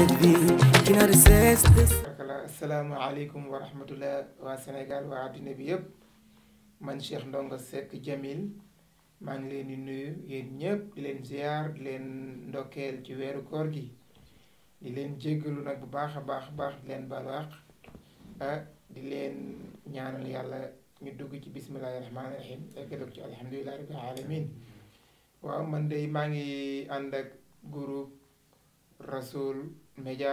akala asalaamaaleykum wa rahmatullah waa Sénégal waa àddina bi yépp man Cheikh Ndongo Seck Jamil maa ngi leen di nuyu yéen ñëpp di leen ziar di leen ndokkeel ci weeru koor gi di leen jéggalu nag bu baax a baax baax di leen baal ah, di leen ñaanal yàlla ñu dugg ci bismillahi rahmaani rahim egg ci alhamdulilahi rabbil alamin waaw man de maa ngi ànd ak groupe Rasoul média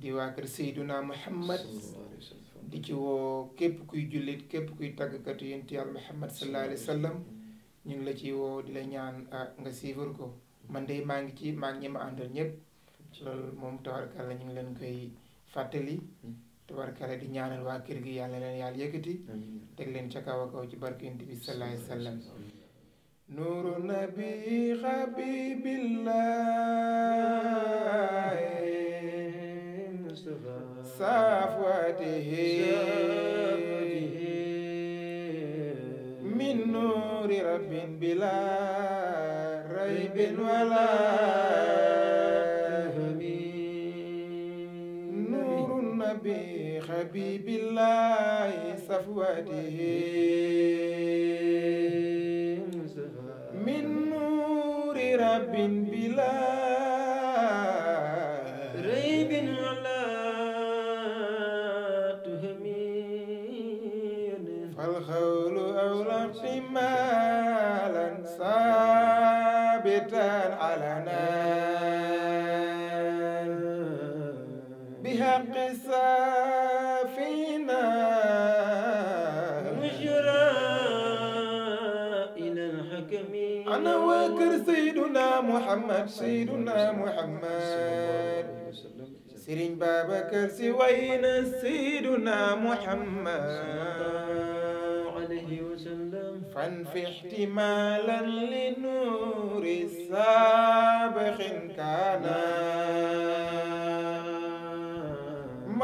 di waa kër Seyduna Muhammad di ci woo képp kuy jullit képp kuy tàggkatu yonent Yàlla Muhammad sallallahu alayhi wa sallam ñu ngi la ci woo di la ñaan ah, nga siifar ko man de maa ngi ci maa ngi ñi ma àndal ñëpp loolu moom la ñu ngi leen koy fàttali tabarkalla di ñaanal waa kër gi yàlla leen yàlla yëkkati teg leen ca kaw a kaw ci barke yonent bi sallallahu alayhi wa نور نبي حبيب الله صفوته من نور رب بلا ريب ولا نور النبي حبيب الله صفوته min nuuri rabbin bila raybin ala tuhmin fal xawlu awla fi maalan saabitan alana ana waa kër Seyduna Muhammad Seyduna Muhammad Serigne Babacar Sy way na Seyduna Muhammad fanfi ihtimaalan li nuuri saabixin kaana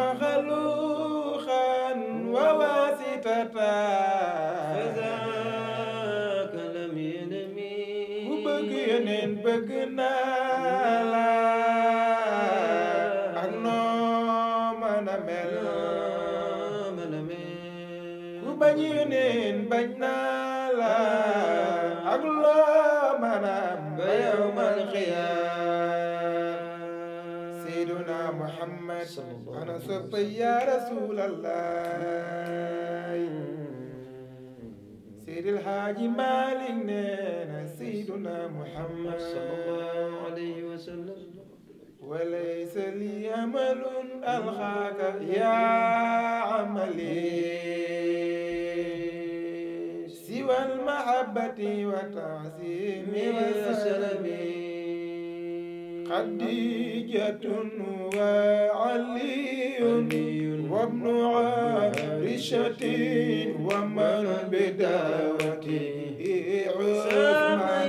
maxluuqan wa waasitatan leen bañ naa la ak loo mën a am ba yawmal qiyaam sayyiduna Muhammad ana sopp yaa rasulallah Seydil Haaji Maalik nee na sayyiduna Muhammad sallallahu alayhi wa sallam وليس لي أمل ألقاك يا عملي والمحبة والتعظيم والسلام خديجة وعلي وابن عائشة ومن بدعوته عثمان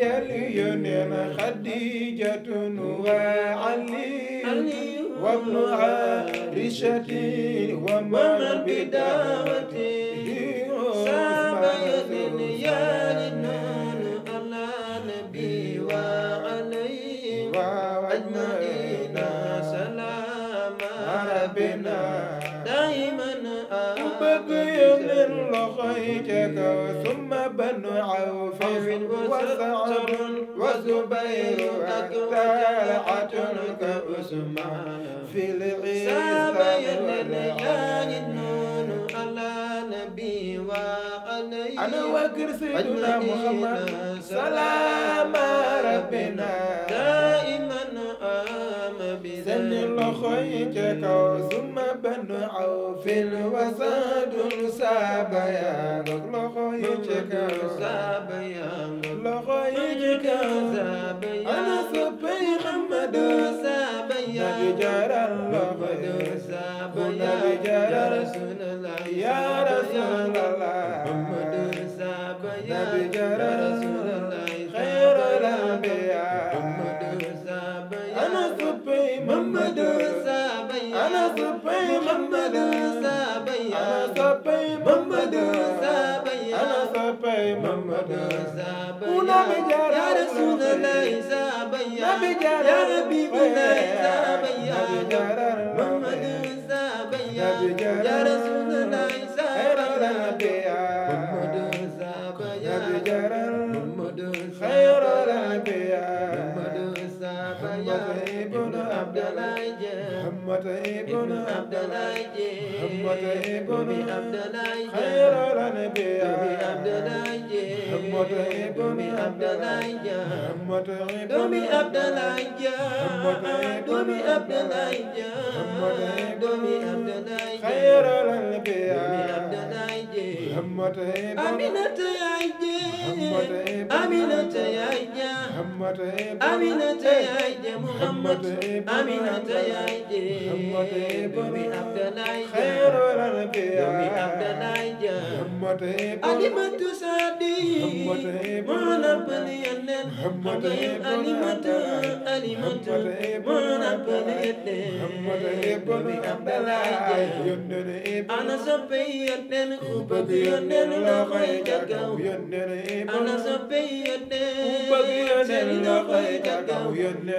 يا ليونين خديجة وعلي وابن عائشة ومن بدعوته ساب يزن يا لنان على نبي وعليه أجمعين سلام ربنا دائما أبقي من لخيتك ثم بن عوف وسعد وزبير طلعة كعثمان في العيسى نبي وعلي أنا وكر سيدنا محمد سلام ربنا loxoy ca kaw suma banu aw a wasadun saaba yaa ngoog loxoy ca kaw saaba yaa ngoog loxoy ca kaw saaba yaa أنا صبي محمد سابي أنا صبي محمد سابي أنا صبي محمد سابي أنا صبي محمد سابي ونبي يا رسول الله سابي يا حبيبنا Abdoulaye Dieng همتي بنا Abdoulaye Dieng همتي بنا Abdoulaye Dieng خير النبي Abdoulaye Dieng همتي بنا Abdoulaye Dieng همتي بنا Abdoulaye Dieng دومي Abdoulaye Dieng دومي Abdoulaye Dieng خير النبي Abdoulaye همت ہے امینت ہے امینت ہے امینت ہے محمد امینت ہے doomi Abdoulaye Dia alimatu saadi moo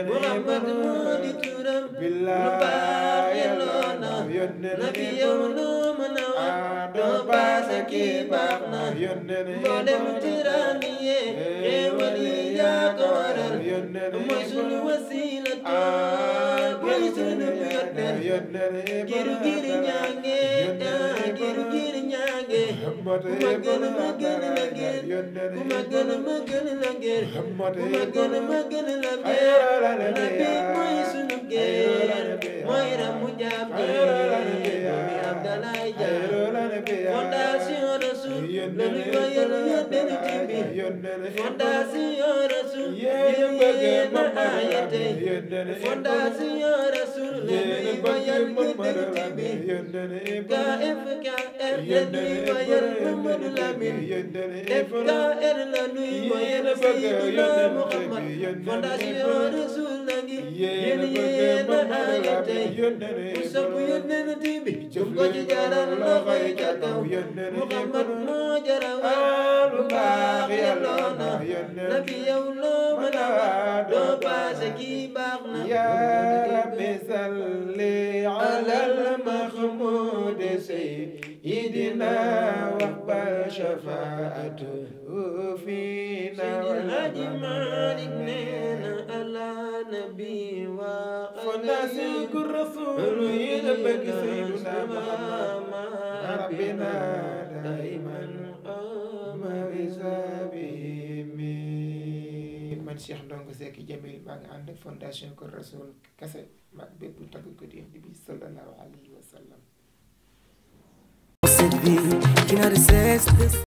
Muhammad moo di turam lu yelloona nabi yow lu mën a wax doo paase kii baax na mboolem tiraani yee xéewal yi yaa ko waral mooy sunu wasiila mooy sunu yónnee ngir ngir ñaange ngir ngir ñaange ma gën ma gën la ngir ma gën ma gën la ngir ma gën ma gën la ngir nabi mooy sunu jàngee mooy ramu jàngee doomi Abdalaay jàngee fondation yónnee la yónnee bi fondation rasul yéen bëgg ma ayate fondation rasul yéen bëgg ma ayate KFKR yéen bëgg Mamadou Lamine FKR la nuy yéen bëgg Seydina Mouhamad fondation rasul la ngi yéen yéen ma ayate ku sopp yónnee bi jëf ko ci jaral loxoy ca kaw Muhammad moo jara wax lu baax yelloo na nabi yow loo mën a wax doo paase kii baax na yaa rabbi salli ala al mahmud sayyid إدنا واقبل شفاعته فينا والحاج مالك نينا على نبي وناسي كل رسول يلبك سيدنا محمد ربنا دائما مرزا man Cheikh Ndongo Seck Jamil maa ngi ànd fondation Kër Rasoul kase mag bépp tagg ko di bi sallallahu alayhi wa sallam making all the sex.